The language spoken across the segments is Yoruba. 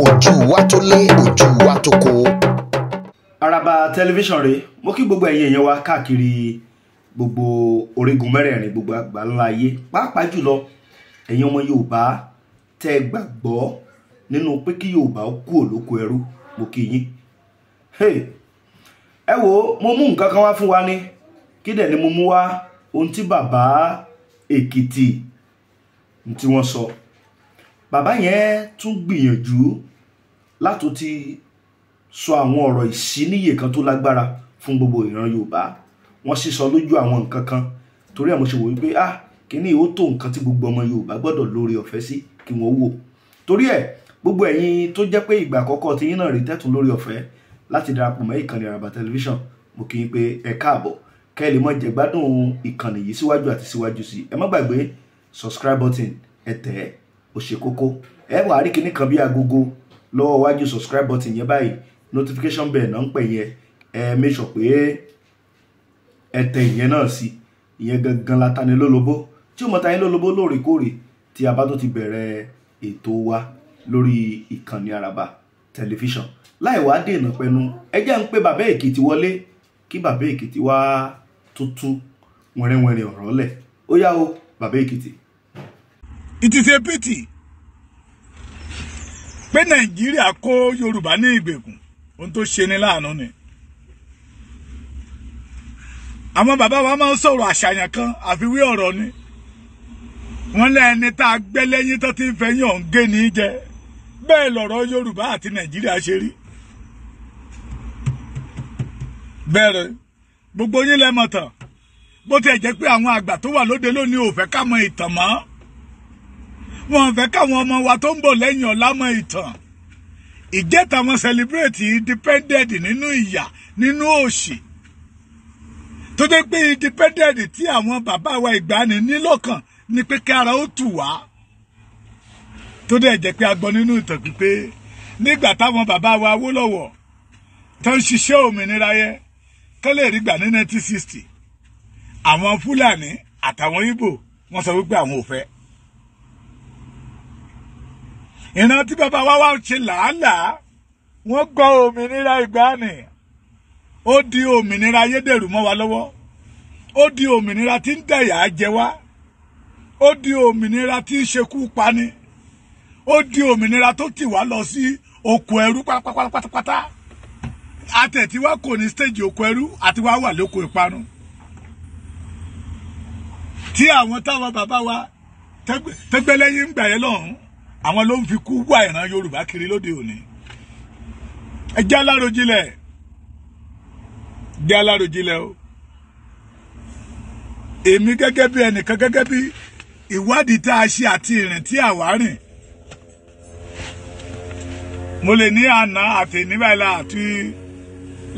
ojú wa tó lé ojú wa tó kó. Araba tẹlifíṣàn rèé mo kí gbogbo ẹ̀yin èèyàn wa káàkiri gbogbo orígun mẹ́rẹ̀ẹ̀rin gbogbo àgbáńlá ayé pàápàá jùlọ ẹ̀yin ọmọ Yorùbá tẹ́ ẹ gbàgbọ́ nínú pé kí Yorùbá kú òlóko ẹrú mo kí yín. ẹ wo mo mú nǹkan kan wá fún wa ni kí dẹ̀ ni mo mú wá ohun tí bàbá Èkìtì tí wọ́n sọ bàbá yẹn tún gbìyànjú látún ti sọ àwọn ọ̀rọ̀ ìṣíníyè kan tó lágbára fún gbogbo ìran yorùbá wọ́n sísọ lójú àwọn nǹkan kan torí àwọn ṣe wò wípé ah kíní ó tó nǹkan tí gbogbo ọmọ yorùbá gbọ́dọ̀ lórí ọ̀fẹ́ sí kí wọ́n wò torí ẹ̀ gbogbo ẹ̀yin tó jẹ́ pé ìgbà àkọ́kọ́ tí yín náà rí tẹ́tùn lórí ọ̀fẹ́ láti darapọ̀ mọ́ ìkànnì àràbà tẹlifíṣàn mo kí yín pé ẹ káàbọ̀ kẹ́ ẹ lè mọ jẹ̀gbádùn ìkànnì yìí síwájú àti síwájú sí ẹ má gbàgbé subscribe button ẹ tẹ̀ ẹ́ ó ṣe kókó ẹ wà á rí kíní kan bí agogo lọ́wọ́ iwájú subscribe button yẹn báyìí notification bell náà ń pè yẹn ẹ make sure pé ẹ tẹ ìyẹn náà sí ìyẹn gangan latani tí ó mọ̀ tani lólobó lóòrèkóòrè tí a bá tó ti bẹ̀rẹ̀ ètò wa lórí ìkànnì Araba tẹlifíṣàn láì wá dènà pẹnu ẹ jẹ́ ń pé bàbá Èkìtì wọlé kí bàbá Èkìtì wá tuntun wẹ̀rẹ̀wẹ̀rẹ̀ ọ̀rọ̀ lẹ̀ ó yá o bàbá Èkìtì. It is a pity pé nàìjíríà kó yorùbá ní ìgbèkùn ohun tó ṣe ni láàánú ni àwọn bàbá wa máa ń sọ̀rọ̀ àṣàyàn kan àfiwé ọ̀rọ̀ ni wọ́n lẹ́ni tá a gbẹ́ lẹ́yìn tó ti ń fẹ̀yìn ọ̀hún gé ní jẹ bẹ́ẹ̀ lọ̀rọ̀ yorùbá àti nàìjíríà ṣe rí bẹ́ẹ̀rẹ̀ gbogbo yín lẹ́mọ̀tàn bó ti ẹ̀ jẹ́ pé àwọn àgbà tó wà lóde lónìí ò fẹ́ ká wọn fẹ́ káwọn ọmọ wa tó ń bọ̀ lẹ́yìn ọ̀la mọ ìtàn ìjẹta wọn celebrate independent nínú ìyà nínú òṣì tó dé pé independent tí àwọn bàbá wa ìgbàanì ní lọ́kàn ni pé kí ara ó tù wá tó dé jẹ́ pé a gbọ́ nínú ìtàn pípé nígbà táwọn bàbá wa Awólọ́wọ̀ tó ń ṣiṣẹ́ òmìnira yẹn tó lè rí gbà ní 1960 àwọn Fúlàní àtàwọn Ìgbò wọ́n sọ wípé àwọn ò fẹ́ ìran tí bàbá wa wá ṣe làálàá wọ́n gbọ́ òmìnira ìgbàanì ó di òmìnira ayédèrú mọ́ wa lọ́wọ́ ó di òmìnira tí ń dẹ̀yà jẹ wá ó di òmìnira tí ń ṣekú pani ó di òmìnira tó tì wá lọ sí oko ẹrú pátápátápátá àtẹ̀tíwá kò ní stéèjì oko ẹrú àti wá wà lóko ìparun tí àwọn táwọn bàbá wa tẹgbẹ́lẹ́yìn ń gbà yẹn lọ́hùn-ún àwọn ló ń fi kú wá ìran yorùbá kiri lóde òní ẹ jẹ́ alárojinlẹ̀ jẹ́ alárojinlẹ̀ o èmi gẹ́gẹ́ bí ẹnìkan gẹ́gẹ́ bí ìwádìí tá a ṣe àti ìrìn tí àwa rìn mo lè ní àná àti níbàlá àti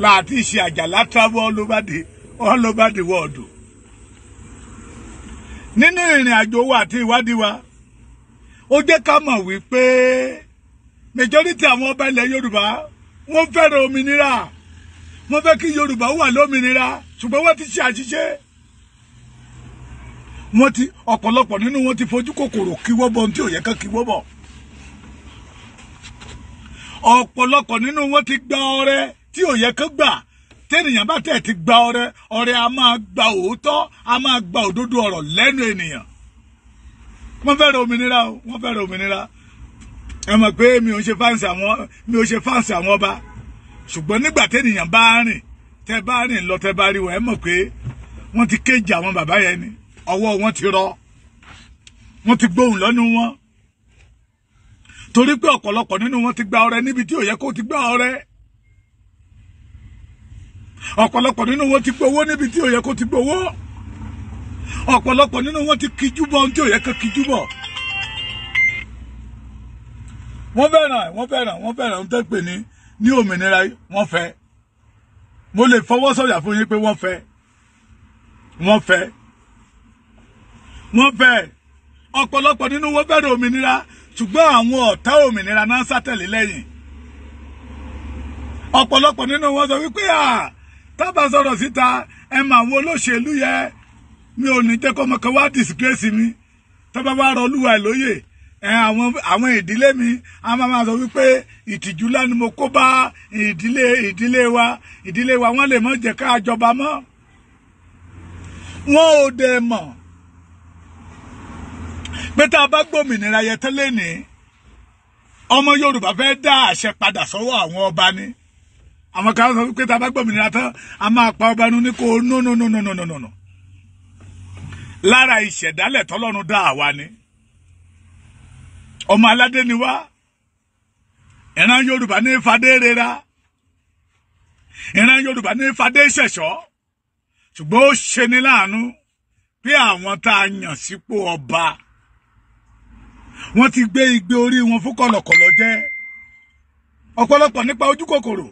láti ṣe àjàlá travel all over the all over the world nínú ìrìn àjò wa àti ìwádìí wa ó jẹ́ ká mọ̀ wípé majority àwọn ọba ilẹ̀ yorùbá wọ́n fẹ́ràn òmìnira wọ́n fẹ́ kí yorùbá wà lómìnira ṣùgbọ́n wọ́n ti ṣe àṣìṣe wọ́n ti ọ̀pọ̀lọpọ̀ nínú wọn ti fojú kòkòrò kíwọ́ bọ̀ tí ò yẹ kán kíwọ́ bọ̀ ọ̀pọ̀lọpọ̀ nínú wọn ti gba ọrẹ tí ò yẹ kán gbà tẹ́nìyàn bá tẹ̀ ti gba ọrẹ ọrẹ a máa gba òótọ́ a máa gba òdodo ọ̀rọ̀ lẹ́nu ènìyàn wọ́n fẹ́ràn òmìnira o wọ́n fẹ́ràn òmìnira ẹ mọ̀ pé mi ò ṣe fáǹsì àwọn mi ò ṣe fáǹsì àwọn ọba ṣùgbọ́n nígbà téèyàn bá rìn tẹ bá rìn lọ tẹ bá rí wọn ẹ mọ̀ pé wọ́n ti kéjì àwọn bàbá yẹn ni ọwọ́ wọn ti rọ wọ́n ti gbóhùn lọ́nu wọn torí pé ọ̀pọ̀lọpọ̀ nínú wọn ti gba ọrẹ níbi tí ò yẹ kó ti gba ọrẹ ọ̀pọ̀lọpọ̀ nínú wọn ti gbowó níbi tí ò yẹ kó ti gbowó ọ̀pọ̀lọpọ̀ nínú wọn ti kíjú bọ́ ohun tí ò yẹ kó kíjú bọ̀ wọ́n fẹ́ràn wọ́n fẹ́ràn wọ́n fẹ́ràn ohun tó ń pè ní ní òmìnira wọ́n fẹ́ mo lè fọwọ́ sọ̀yà fún yín pé wọ́n fẹ́ wọ́n fẹ́ wọ́n fẹ́ ọ̀pọ̀lọpọ̀ nínú wọn fẹ́ràn òmìnira ṣùgbọ́n àwọn ọ̀tá òmìnira náà ń sátẹ̀lé lẹ́yìn ọ̀pọ̀lọpọ̀ nínú wọn sọ wípé à tábà sọ̀rọ̀ síta ẹ mà wo olóṣèlú yẹn mi ò ní jẹ́ kọ́ ọmọ kan wá disgrace mi tó bá wá rọ olúwa lóyè àwọn àwọn ìdílé mi a máa máa sọ wípé ìtìjú ńlá ni mo kó bá ìdílé ìdílé wa ìdílé wa wọ́n lè mọ̀ jẹ́ ká jọba mọ́ wọn ò dẹ̀ mọ̀ pé tá a bá gbòmìnira yẹtẹ́lẹ́ ní ọmọ Yorùbá fẹ́ dá àṣẹ padà sọ́wọ́ àwọn ọba ni àwọn kan sọ pé tá a bá gbòmìnira tán a máa pa ọba nu ní kó no no no no no no no. no lára ìṣẹ̀dálẹ̀ tọ́lọ́run dá àwa ni ọmọ aládé ni wá ìran yorùbá ní fadé rera ìran yorùbá ní fadé ṣẹ̀ṣọ́ ṣùgbọ́n ó ṣe ní láàánú pé àwọn tá a yàn sípò ọba wọ́n ti gbé igbe orí wọn fún kọ̀lọ̀kọ̀lọ̀ jẹ́ ọ̀pọ̀lọpọ̀ nípa ojú kòkòrò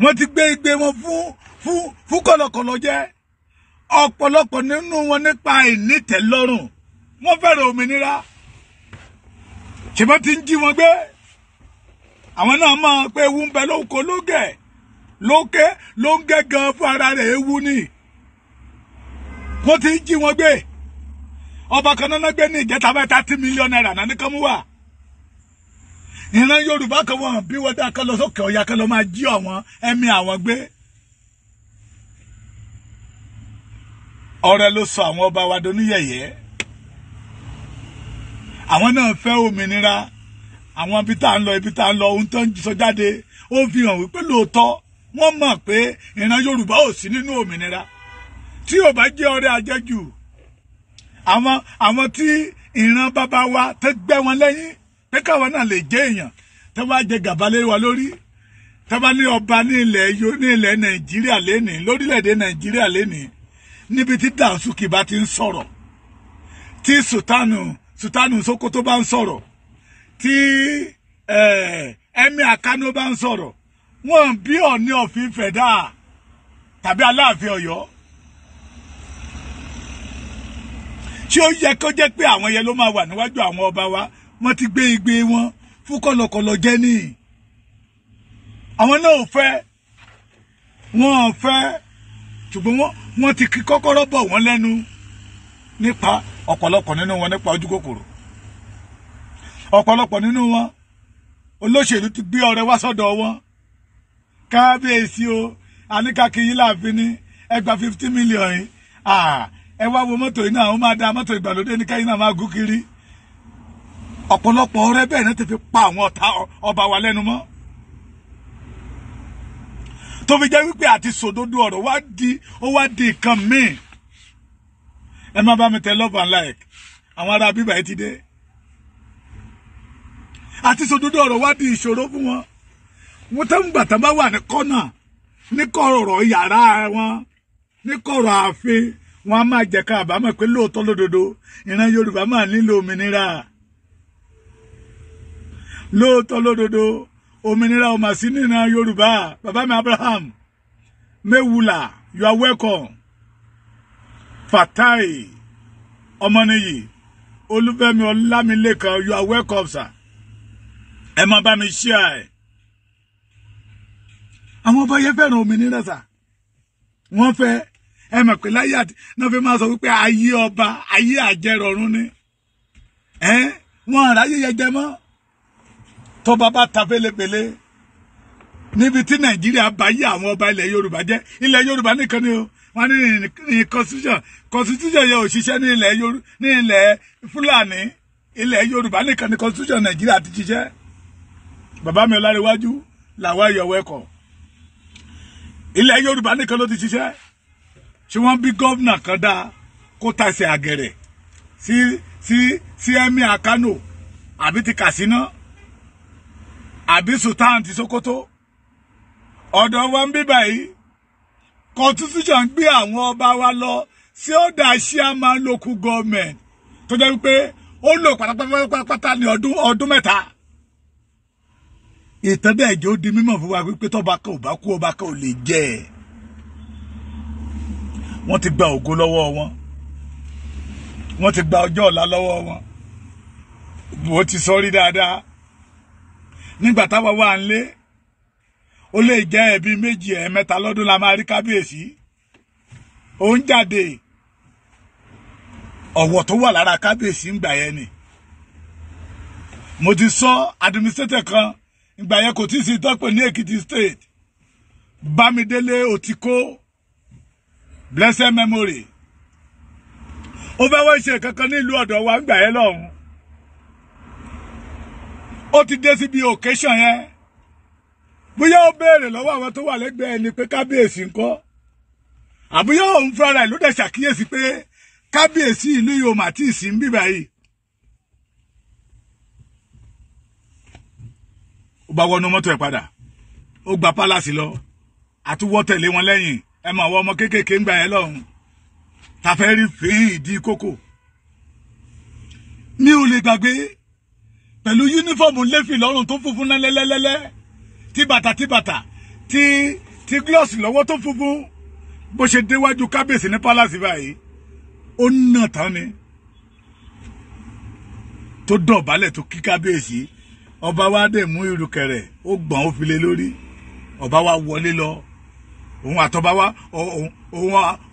wọ́n ti gbé igbe wọn fún fún fún kọ̀lọ̀kọ̀lọ̀ jẹ́ ọ̀pọ̀lọpọ̀ nínú wọn nípa ìnítẹ̀lọ́rùn wọ́n fẹ́rẹ̀ òmìnira ṣùgbọ́n ti ń jí wọn gbé àwọn náà máa pé ewu ń bẹ lóko lógẹ̀ lókè ló ń gẹ́ gan fún ara rẹ̀ ewu ni wọ́n ti ń jí wọn gbé ọba kan náà gbé ní ìjẹta bẹ́ẹ̀ thirty million naira náà ní kán mú wà ìran Yorùbá kan wọ́n bí wọ́n dá kan lọ sókè ọ̀yà kan lọ máa jí àwọn ẹ̀mí àwọn gbé. ọrẹ ló sọ àwọn ọba wa doníyẹ̀yẹ́ àwọn náà fẹ́ òmìnira àwọn ibi tá à ń lọ ibi tá à ń lọ ohun tó ń sọ jáde ó fi hàn wípé lóòótọ́ wọ́n mọ̀ pé ìran Yorùbá ò sí nínú òmìnira tí ò bá jẹ́ ọrẹ ajẹ́jù àwọn àwọn tí ìran bàbá wa tẹ́ gbẹ́ wọn lẹ́yìn pé káwọn náà lè jẹ́ èèyàn tẹ́ wá jẹ gàba lé wa lórí tẹ́ bá ní ọba ní ilẹ̀ ní ilẹ̀ Nàìjíríà lénìí lórílẹ̀ Nàìjíríà lénìí níbi tí Dàsúkì bá ti ń sọ̀rọ̀ tí Sultanu Sultanu Sokoto bá ń sọ̀rọ̀ tí Emir Kano bá ń sọ̀rọ̀ wọ́n bí Ọ̀ọ̀ni of Ifẹ̀ dáa tàbí Aláàfin Ọ̀yọ́ tí ó yẹ kó jẹ́ pé àwọn yẹn ló máa wà níwájú àwọn ọba wa wọ́n ti gbé igbe wọn fún kọlọkọlọ jẹ́ nìyí àwọn náà fẹ́ wọn fẹ́ ṣùgbọ́n wọ́n ti kí kọ́kọ́rọ́ bọ̀ wọ́n lẹ́nu nípa ọ̀pọ̀lọpọ̀ nínú wọn nípa ojú kòkòrò ọ̀pọ̀lọpọ̀ nínú wọn olóṣèlú ti gbé ọrẹ wá sọ́dọ̀ wọn kábíyèsí o àníkàkì yìí láàfin ní ẹgbà fifty million yìí ẹ wá wo mọ́tò yìí náà ó máa da mọ́tò ìgbàlódé ní káyìn náà máa gún kiri ọ̀pọ̀lọpọ̀ ọrẹ bẹ́ẹ̀ náà ti fi pa àwọn ọ̀tá ọba wa lẹ́nu mọ́ tó fi jẹ́ wípé àti sòdodo ọ̀rọ̀ wá di ó wá di nǹkan míì ẹ má bá mi tẹ love and like àwọn ará bíbá yìí ti dé àti sòdodo ọ̀rọ̀ wá di ìṣòro fún wọn wọn tẹ́ ń gbà tán bá wà ní kọ́nà ní kọ̀rọ̀ yàrá wọn ní kọ̀rọ̀ ààfin wọn a máa jẹ ká àbámọ̀ pé lóòótọ́ lódodo ìran Yorùbá máa nílò òmìnira lóòótọ́ lódodo òmìnira ọmọ sí nínú yorùbá bàbá mi abraham mewula you are welcome fatai ọmọnìyí olúfẹ́mi ọlámilékan you are welcome sir ẹ máa bá mi ṣíà ẹ àwọn ọba yẹn fẹ́ràn òmìnira sà wọ́n fẹ́ ẹ mọ̀ pé láyé àti náà fi máa sọ wípé ayé ọba ayé àjẹrọ̀rùn ni ẹ wọn àráyé yẹn jẹ mọ́ tó bá bá ta pélépélé níbi tí nàìjíríà bá yí àwọn ọba ilẹ̀ yorùbá jẹ́ ilẹ̀ yorùbá nìkan ni o wọ́n ní ní constitution constitution yẹ òṣìṣẹ́ ní ilẹ̀ yorùbá ní ilẹ̀ fúlàní ilẹ̀ yorùbá nìkan ni constitution nàìjíríà ti ṣiṣẹ́ bàbá mi ọlárẹ̀wájú làwọn ẹ̀yọ̀ wẹ̀kọ̀ ilẹ̀ yorùbá nìkan ló ti ṣiṣẹ́ ṣé wọ́n bí gọ́vnà kan dáa kó tàṣe àgẹ̀rẹ̀ sí sí sí ẹ́mí akánò àbí ti kàṣínà àbí Sultan ti Sokoto ọ̀dọ̀ wa ń bí báyìí constitution gbé àwọn ọba wa lọ sí ọ̀dà chairman local government tó jẹ́ wípé ó lò pátápátá ní ọdún ọdún mẹ́ta ìtàn dẹ̀ jẹ́ ó di mímọ̀ fún wa wípé tọ́ba kan ò bá kú ọba kan ò lè jẹ́ ẹ̀ wọ́n ti gba ògo lọ́wọ́ wọn wọ́n ti gba ọjọ́ ọ̀la lọ́wọ́ wọn wọ́n ti sọ rí dáadáa nígbà táwa wà ń lé ó lè jẹ́ ẹ̀bí méjì ẹ̀ẹ̀mẹ́ta lọ́dún la máa rí kábíyèsí ó ń jáde ọ̀wọ̀ tó wà lára kábíyèsí ń gbà yẹn ni mo ti sọ administrator kan ìgbà yẹn kò tí ì sí tọ́pẹ̀ ní Èkìtì state Bámidélé Òtíkó blessed memory ó fẹ́ wọ́n ṣe kankan ní ìlú ọ̀dọ̀ wa ń gbà yẹn lọ́hùn ó ti dé síbi occasion yẹn bóyá ó béèrè lọ́wọ́ àwọn tó wà lẹ́gbẹ̀ẹ́ ẹni pé kábíyèsí ńkọ́ àbúyá òun fúnra ẹ̀ ló dẹ̀ ṣàkíyèsí pé kábíyèsí ìlú yóò mà tí ì sí ń bíbà yìí ó bá wọnú mọ́tò ẹ̀ padà ó gba pálásì lọ àtúwọ́ tẹ̀lé wọn lẹ́yìn ẹ mọ̀ àwọn ọmọ kéékèèké ń gbà ẹ́ lọ́hùn ta rí fèé ìdí kókò mi ò lè gbàgbé pẹ̀lú yúnífọ̀mù lẹ́fì lọ́rùn tó funfun náà lẹ́lẹ́lẹ́lẹ́ tí bàtà tí bàtà tí tí gílọ́ọ̀sì lọ́wọ́ tó funfun bó ṣe déwájú kábíyèsí ní pálásì báyìí ó nà tán ni tó dọ̀bálẹ̀ tó kí kábíyèsí ọba wa dẹ̀ mú ìrùkẹ̀rẹ̀ ó gbọ̀n ó file lórí ọba wa wọlé lọ òun àtọba wa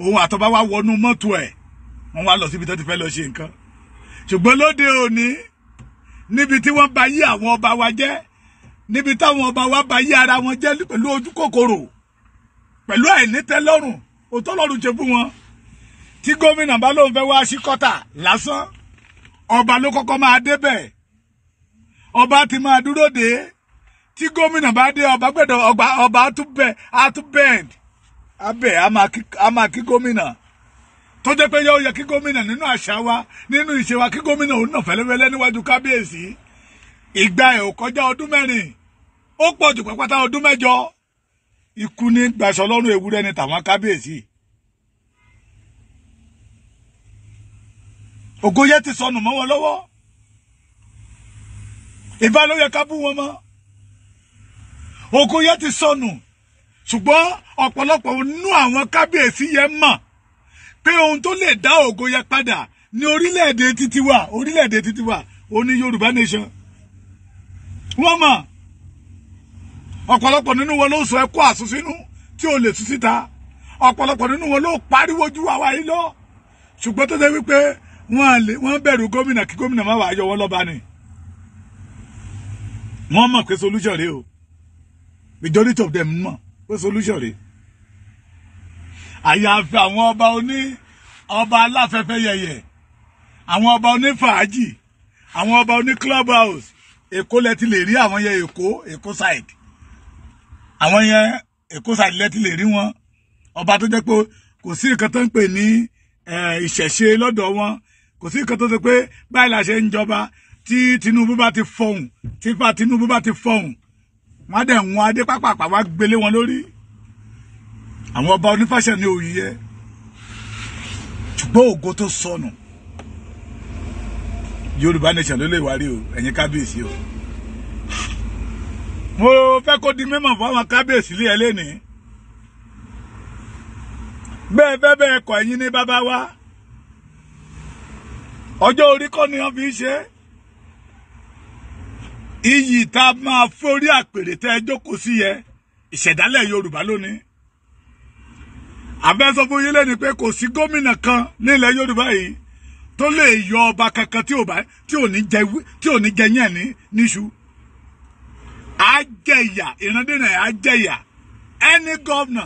òun àtọba wa wọnú mọ́tò ẹ̀ wọ́n wá lọ síbi tó ti fẹ́ lọ ṣe nǹkan ṣùgbọ́n lóde òní níbi tí wọ́n ba yí àwọn ọba wa jẹ́ níbi táwọn ọba wa ba yí ara wọn jẹ́ pẹ̀lú ojú kòkòrò pẹ̀lú àìnítẹ́lọ́rùn òtọ́lọ́rùn ṣe fún wọn tí gómìnà bá lóun fẹ́ wá sí kọ́tà lásán ọba ló kọ́kọ́ máa débẹ̀ ọba ti máa dúró dé tí gómìnà bá dé ọba gbẹ̀dọ̀ ọba ọba á bend abẹ́ á máa kí gómìnà tó jẹ́ pé yóò yẹ kí gómìnà nínú àṣà wa nínú ìṣe wa kí gómìnà òun náà fẹ́lẹ́fẹ́lẹ́ níwájú kábíyèsí ìgbà ẹ̀ ò kọjá ọdún mẹ́rin ó pọ̀ jù pẹ́pátá ọdún mẹ́jọ ikú ní gbaṣọ lọ́rùn ewúrẹ́ ni tàwọn kábíyèsí. ògóyẹ ti sọnù mọ́ wọn lọ́wọ́ ìbá ló yẹ ká bú wọn mọ́ ògóyẹ ti sọnù ṣùgbọ́n ọ̀pọ̀lọpọ̀ nínú àwọn kábíyèsí yẹn mọ̀ pé ohun tó lè dá ògo yẹ padà ní orílẹ̀-èdè títí wa orílẹ̀-èdè títí wa ó ní Yorùbá nation wọ́n mọ̀ ọ̀pọ̀lọpọ̀ nínú wọn ló sọ ẹ̀kọ́ àsùnsínú tí ò lè tú síta ọ̀pọ̀lọpọ̀ nínú wọn ló pariwo ju àwa yìí lọ ṣùgbọ́n tó jẹ́ wípé wọ́n bẹ̀rù gómìnà kí gómìnà má wàá yọ wọ́n lọ́ba ni wọ́n mọ̀ pé solution rèé o majority of them mọ̀ pé solution rèé àyàfi àwọn ọba oní ọba aláfẹ́fẹ́ yẹ̀yẹ̀ àwọn ọba oní fàájì àwọn ọba oní club house èkó lẹ ti lè rí àwọn yẹn èkó èkó side àwọn yẹn èkó side lẹ ti lè rí wọn ọba tó jẹ́ pé kò sí nǹkan tó ń pè ní ìṣẹ̀ṣe lọ́dọ̀ wọn kò sí nǹkan tó ṣe pé báyìí la ṣe ń jọba tí Tinubu bá ti fọhùn tí fa Tinubu bá ti fọhùn wọn á dẹ̀ wọn adé pápá àpá wá gbélé wọn lórí àwọn ọba onífàṣẹ ní òyìyẹ ṣùgbọ́n ògo tó sọnù yorùbá nation ló lè wárí o ẹ̀yin kábíyèsí o mo fẹ́ kó di mímọ̀ fún àwọn kábíyèsí ilé ẹ lénìí bẹ́ẹ̀ bẹ́ẹ̀ bẹ́ẹ̀ kọ̀ ẹ̀yin ní bàbá wa ọjọ́ orí kọ́ ni wọ́n fi ń ṣe iyì tá a máa forí àpèrè tẹ́ ẹ jókòó sí yẹ ìṣẹ̀dálẹ̀ yorùbá lónìí àfẹ́ sọ ni yín lẹ́ni pé kò sí gómìnà kan nílẹ̀ Yorùbá yìí tó lè yọ ọba kankan tí ò bá tí ò ní jẹ tí ò ní jẹ yẹn ní níṣu àjẹyà ìrandínà àjẹyà ẹni gọ́vnà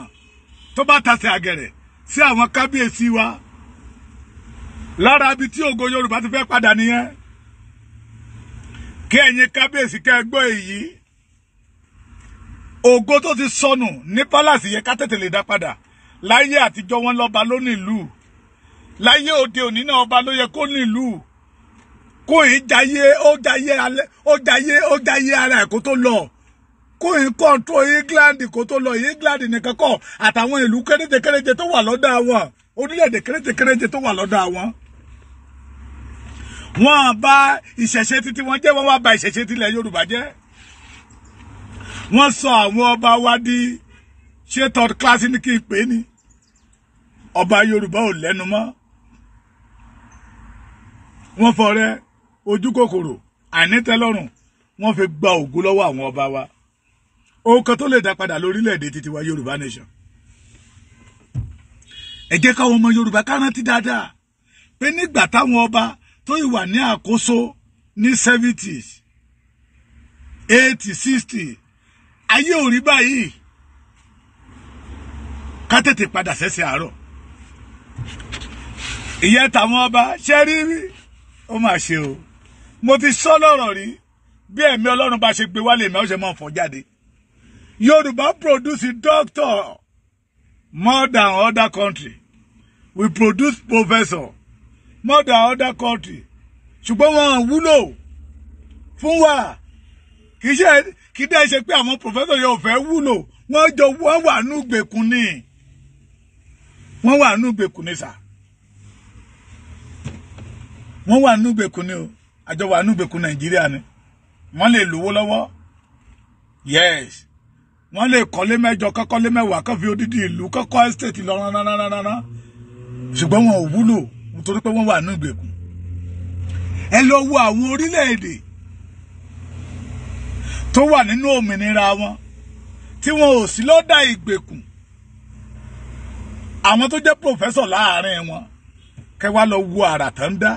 tó bá tasẹ̀ àgẹ̀rẹ̀ sí àwọn kábíyèsí wa lára ibi tí ògo Yorùbá ti fẹ́ padà nìyẹn kí ẹ̀yin kábíyèsí kẹ́ èyí ògo tó ti sọnù ní pálásì yẹ ká tètè lè dá padà láyé àtijọ́ wọn lọ́ba ló nílùú láyé òde òní náà ọba ló yẹ kó nílùú kóyìn jayé ó jayé alẹ́ ó jayé ó jayé ara ẹ̀ kó tó lọ kóyìn kọ́ńtró England kó tó lọ England nìkan kọ́ àtàwọn ìlú kéréje kéréje tó wà lọ́dọ̀ àwọn orílẹ̀-èdè kéréje kéréje tó wà lọ́dọ̀ àwọn wọ́n bà ìṣẹ̀ṣe títí wọn jẹ́ wọ́n wá bà ìṣẹ̀ṣe tilẹ̀ Yorùbá jẹ́ wọ́n sọ àwọn ọba wa di ṣé third class ní kí n pè é ní ọba yorùbá ò lẹ́nu mọ́ wọ́n fọrẹ́ ojú kòkòrò àìnítẹ́lọ́rùn wọ́n fi gba ògo lọ́wọ́ àwọn ọba wa ohun kan tó lè dá padà lórílẹ̀‐èdè títí wa yorùbá nation ẹ jẹ́ káwọn ọmọ yorùbá ká rántí dáadáa pé nígbà táwọn ọba tó ìwà ní àkóso ní seventies eighty sixty ayé ò rí báyìí ká tètè padà sẹ́sẹ̀ àárọ̀ ìyẹn tàwọn ọba ṣe rí rí ó mà ṣe o mo ti sọ lọ́rọ̀ rí bí ẹ̀mí ọlọ́run bá ṣe gbé wálé mi ó ṣe máa fọ́ jáde yorùbá produce doctor more than other country we produce professor more than other country ṣùgbọ́n wọn wúlò fún wa kì í ṣe kì í dẹ́ ṣe pé àwọn professor yóò fẹ́ wúlò wọ́n jọ wọ́n wà nùgbèkùn nìyí wọ́n wà nínú ìgbèkùn ni sà wọ́n wà nínú ìgbèkùn ni o àjọ wà nínú ìgbèkùn nàìjíríà ni wọ́n lè lówó lọ́wọ́ yes wọ́n lè kọ́lé mẹ́jọ kọ́kọ́lé mẹ́wàá kọ́ fi odidi ìlú kọ́kọ́ estate lọ ránánánáná ṣùgbọ́n wọn ò wúlò nítorí pé wọ́n wà nínú ìgbèkùn ẹ lọ wo àwọn orílẹ̀-èdè tó wà nínú òmìnira wọn tí wọn ò sí lọ́dà ìgbèkùn àwọn tó jẹ́ professor láàrin wọn kẹ wá lọ wo àrà tán dá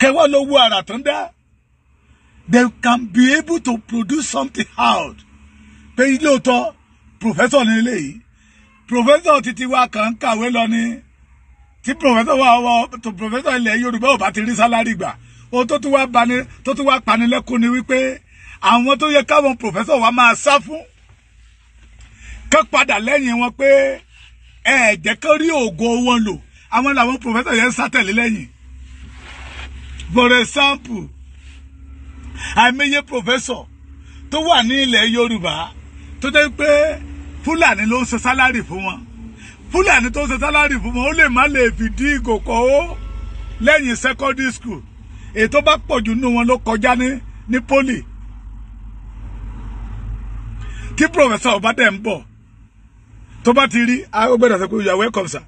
kẹ wá lọ wo àrà tán dá they can be able to produce something out pé lóòótọ́ professor ní eléyìí professor títí wa kàn ń kàwé lọ ní tí professor wa wọ tó professor ilẹ̀ Yorùbá ò bá ti rí sálárì gbà o tó tún wá pani tó tún wá panilẹ́kùn ni wípé àwọn tó yẹ káwọn professor wa máa sá fún kán padà lẹ́yìn wọn pé ẹ jẹ́ kán rí ògo wọn lò àwọn làwọn pòfẹ́sọ̀ yẹn ń sátẹ̀lé lẹ́yìn for example àìmọye pòfẹ́sọ̀ tó wà ní ilẹ̀ Yorùbá tó jẹ́ pé Fúlàní ló ń ṣe sálárì fún wọn Fúlàní tó ń ṣe sálárì fún wọn ó lè má lè fi dí ìgò ó lẹ́yìn secondary school èyí tó bá pọ̀jù nínú wọn ló kọjá ní ní poli tí professor ọba dẹ̀ ń bọ̀ tó bá ti rí a ó gbọ́dọ̀ sọ pé you are welcome sir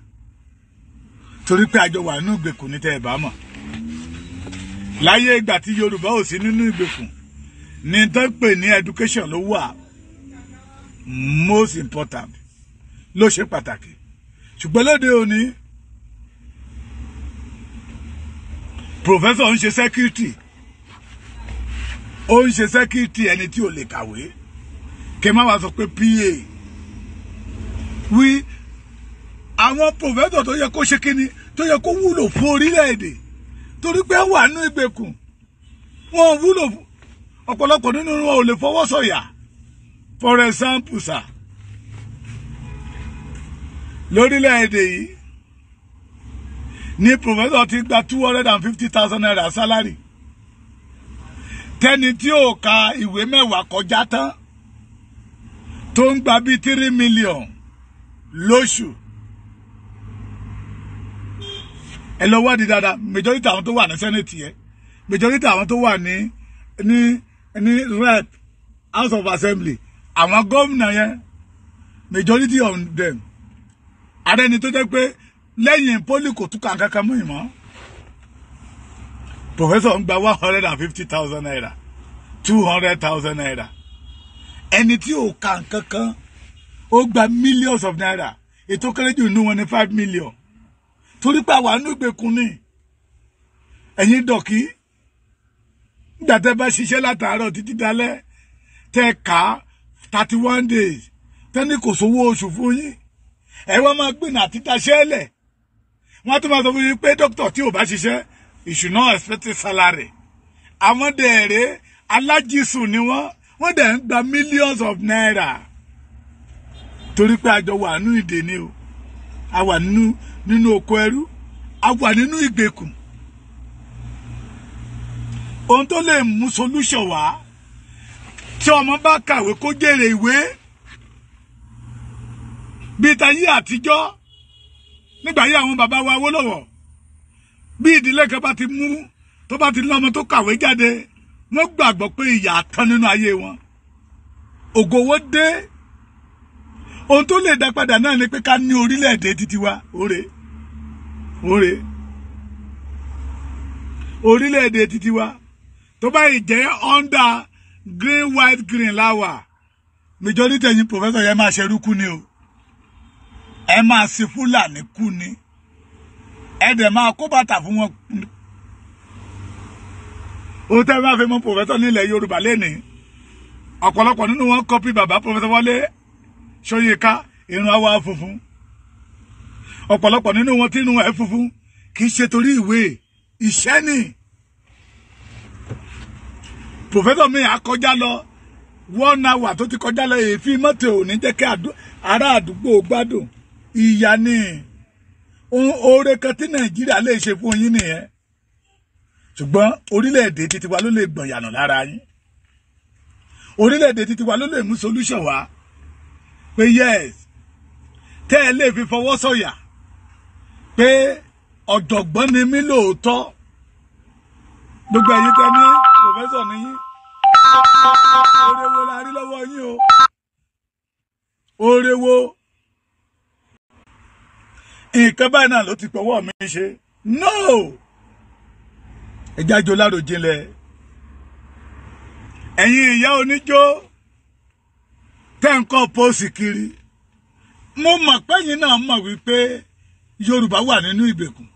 torí pé àjọ wà nínú ìgbèkùn ní tẹ́ ẹ bá mọ̀ láyé ìgbà tí yorùbá ò sí nínú ìgbèkùn ní tó ń pè ní education ló wà most important ló ṣe pàtàkì ṣùgbọ́n lóde òní professor ń ṣe security ó ń ṣe security ẹni tí ò lè kàwé kí n má wá sọ pé pa wí àwọn pòfẹ́tọ̀ tó yẹ kó ṣe kíni tó yẹ kó wúlò fún orílẹ̀-èdè torí pé wà nínú ìgbèkùn wọn wúlò ọ̀pọ̀lọpọ̀ nínú wọn ò lè fọwọ́ sọ̀yà for example sir lórílẹ̀-èdè yìí ni pòfẹ́tọ̀ ti gba two hundred and fifty thousand naira salary tẹ́ni tí ò ka ìwé mẹ́wàá kọjá tán tó ń gba bíi three million lóṣù ẹ lọ wádìí dáadáa majority àwọn tó wà ní senate yẹn majority àwọn tó wà ní ní ní rep house of assembly àwọn gómìnà yẹn majority of them ààrẹ ni tó jẹ́ pé lẹ́yìn poli kò tún kankankan mú ìmọ̀ professor ń gba one hundred and fifty thousand naira two hundred thousand naira ẹni tí ò kankankan ó gba millions of naira ètò kéré jù inú wọn ní five million torí pé àwa nínú ìgbèkùn ni ẹ̀yin dọ̀kí nígbà tẹ́ bá ṣiṣẹ́ látàárọ̀ títí dalẹ́ tẹ́ ká thirty one days tẹ́ni kò sówó oṣù fún yín ẹ wá máa gbìnà títa ṣẹ́lẹ̀ wọ́n tún máa sọ fún yín pé dókítà tí ò bá ṣiṣẹ́ you should not expect salary àwọn dẹ̀ẹ̀rẹ́ alájísùn ni wọ́n wọ́n dẹ̀ ń gba millions of naira torí pé àjọ wà nínú ìdè ni o a wà nínú nínú oko ẹrú a wà nínú ìgbèkùn ohun tó lè mú solution wá tí ọmọ bá kàwé kó jèrè ìwé bíi tayé àtijọ́ nígbà yí àwọn bàbá wa Awólọ́wọ̀ bí ìdílé kan bá ti mú tó bá ti lọ́mọ tó kàwé jáde wọ́n gbàgbọ́ pé ìyà tán nínú ayé wọn ògo dé ohun tó lè dá padà náà ni pé ká ní orílẹ̀-èdè títí wa òre òre orílẹ̀-èdè títí wa tó bá jẹ́ under green white green láwà majority ẹ̀yin professor yẹn máa ṣerú kú ni o ẹ máa ṣe fúlàní kú ni ẹ dẹ̀ máa kó bàtà fún wọn ohun tẹ́ máa fi mú professor nílẹ̀ yorùbá lẹ́nìí ọ̀pọ̀lọpọ̀ nínú wọn kọ́pì bàbá professor wọlé ṣóyínká irun àwa funfun ọ̀pọ̀lọpọ̀ nínú wọn tí irun ẹ̀ funfun kì í ṣe torí ìwé iṣẹ́ ni pòfẹ́tọ̀ mi àkọjá lọ one hour tó ti kọjá lọ èéfín mọ́tò ò ní jẹ́ kí ará àdúgbò gbádùn ìyá ni oore kan tí nàìjíríà lè ṣe fún yín nìyẹn ṣùgbọ́n orílẹ̀-èdè titiwa ló lè gbọ̀nyànà lára yín orílẹ̀ titiwa ló lè mú solution wá pé yes tẹ́ ẹ lè fi fọwọ́ sọ̀yà pé ọ̀jọ̀gbọ́n ni mí lóòótọ́ gbogbo ẹ̀yin tẹ́ ní pòfẹ́sọ̀ nìyí orewo la rí lọ́wọ́ yín o orewo nǹkan báyìí náà ló ti pọ̀wọ́ mi ṣe no ẹ̀jájo lárojinlẹ̀ ẹ̀yin ìyá oníjó tẹ́ ń kọ́ póòsì kiri mo mọ̀ pẹ́yìn náà mọ̀ wípé Yorùbá wà nínú ìgbèkùn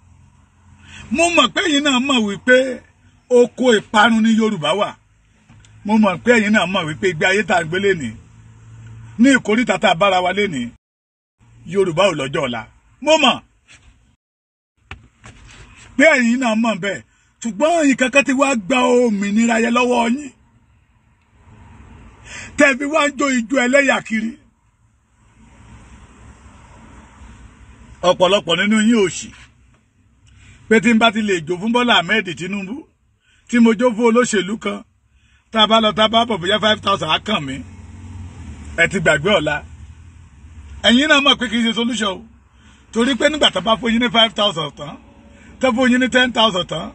mo mọ̀ pẹ́yìn náà mọ̀ wípé oko ìparun ní Yorùbá wà mo mọ̀ pẹ́yìn náà mọ̀ wípé ìgbé ayé tá a gbé léni ní ìkórìtà tá a bára wa léni Yorùbá ò lọ́jọ́ ọ̀la mo mọ̀ pé náà mọ̀ bẹ́ẹ̀ ṣùgbọ́n ìkankan ti wá gba òmìnira yẹn lọ́wọ́ yín tẹ̀fi wá ń jó ijó ẹlẹ́yà kiri. ọ̀pọ̀lọpọ̀ nínú yín òṣì pé tí n bá ti lè jó fún Bọ́lá Ahmed Tinubu tí mo jó fún olóṣèlú kan tá a bá lọ tá a bá bọ̀ bóyá five thousand á kàn mí ẹ ti gbàgbé ọ̀la ẹ̀yin náà mọ̀ pé kì í ṣe solution o torí pé nígbà tó bá fún yín ní five thousand tán tó fún yín ní ten thousand tán